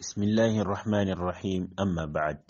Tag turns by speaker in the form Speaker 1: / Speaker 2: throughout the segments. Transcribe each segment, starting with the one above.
Speaker 1: Bismillahir Rahmanir Rahim amma ba'ad.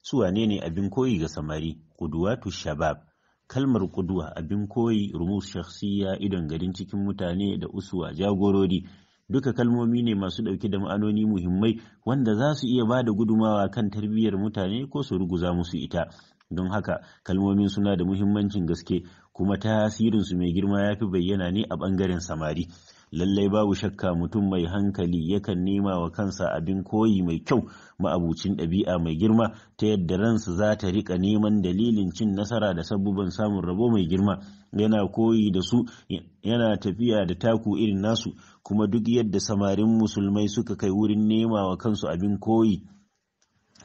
Speaker 1: Su wane ne abin koyi ga samari? Kuduwatu shabab. Kalmar kuduwa abin koyi rumus shakhsiya idon garin cikin mutane da usuwa jagorori. Duka kalmomi ne masu ɗauke da ma'anoni muhimmai wanda za su iya ba da gudumawa kan tarbiyyar mutane ko su ruguza musu ita. Don haka kalmomin suna da muhimmancin gaske kuma tasirinsu mai girma ya fi bayyana ne a ɓangaren samari. lallai babu shakka mutum mai hankali yakan nema wa kansa abin koyi mai kyau ma'abucin ɗabi'a mai girma ta yadda ransa za ta riƙa neman dalilin cin nasara da sabubin samun rabo mai girma yana koyi da su yana tafiya da taku irin nasu kuma duk yadda samarin musulmai suka kai wurin nema wa kansu abin koyi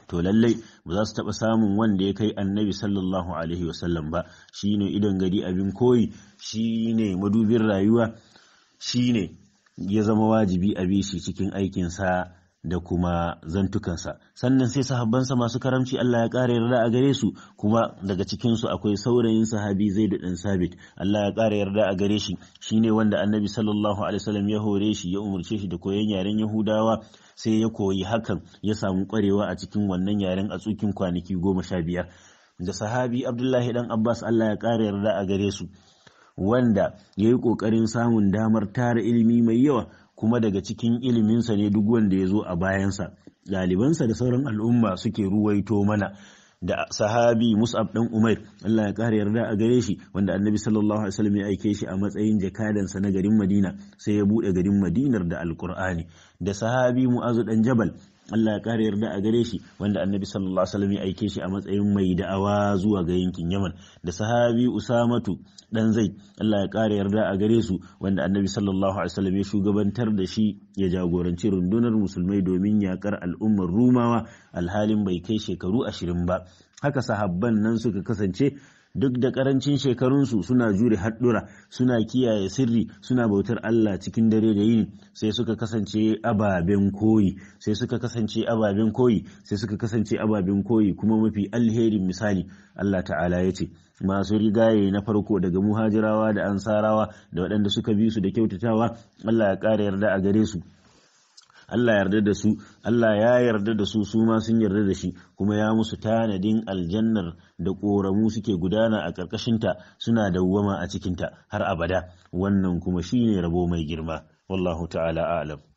Speaker 1: to lallai ba za su taɓa samun wanda ya kai annabi sallallahu alaihi wasallam ba shine idon gari abin koyi Shi ne madubin rayuwa Shi ne ya zama wajibi a bi shi cikin aikinsa da kuma zantukansa sannan sai sahabbansa masu karamci Allah ya ƙara yarda a gare su kuma daga cikin su akwai saurayin sahabi zai da ɗan sabit Allah ya ƙara yarda a gare shi shine wanda annabi sallallahu alaihi wasallam ya hore shi ya umarce shi da koyon yaren yahudawa sai ya koyi hakan ya samu ƙwarewa a cikin wannan yaren a tsukin kwanaki goma sha biyar da sahabi abdullahi dan abbas Allah ya ƙara yarda a gare su wanda ya yi ƙoƙarin samun damar tara ilimi mai yawa kuma daga cikin iliminsa ne duk wanda ya zo a bayansa ɗalibansa da sauran al'umma suke ruwaito mana da sahabi Mus'ab ɗan Umar, Allah ya ƙara yarda a gare shi wanda Annabi sallallahu alaihi ya aike shi a matsayin jakadansa na garin Madina sai ya buɗe garin Madinar da Alkur'ani da sahabi Mu'azu ɗan Jabal Allah ya kara yarda a gare shi wanda annabi sallallahu alaihi wasallam ya aike shi a matsayin mai da'awa zuwa ga yankin Yaman da sahabi Usamatu dan Zaid Allah ya ƙara yarda a gare su wanda annabi sallallahu alaihi wasallam ya shugabantar da shi ya jagoranci rundunar musulmai domin yakar al'ummar Rumawa alhalin bai kai shekaru ashirin ba haka sahabban nan suka kasance duk da karancin shekarunsu suna jure haɗura suna kiyaye sirri suna bautar Allah cikin dare da yini sai suka kasance ababen koyi sai suka kasance ababen koyi sai suka kasance ababen koyi kuma mafi alherin misali Allah ta'ala ya ce masu rigaye na farko daga muhajirawa da ansarawa da waɗanda suka bi su da kyautatawa Allah ya ƙara yarda a gare su Allah yarda da su Allah ya yarda da su su ma sun yarda da shi kuma ya musu tanadin aljannar da ƙoramu suke gudana a ƙarƙashinta suna dawwama a cikinta har abada wannan kuma shine rabo mai girma wallahu ta'ala a'lam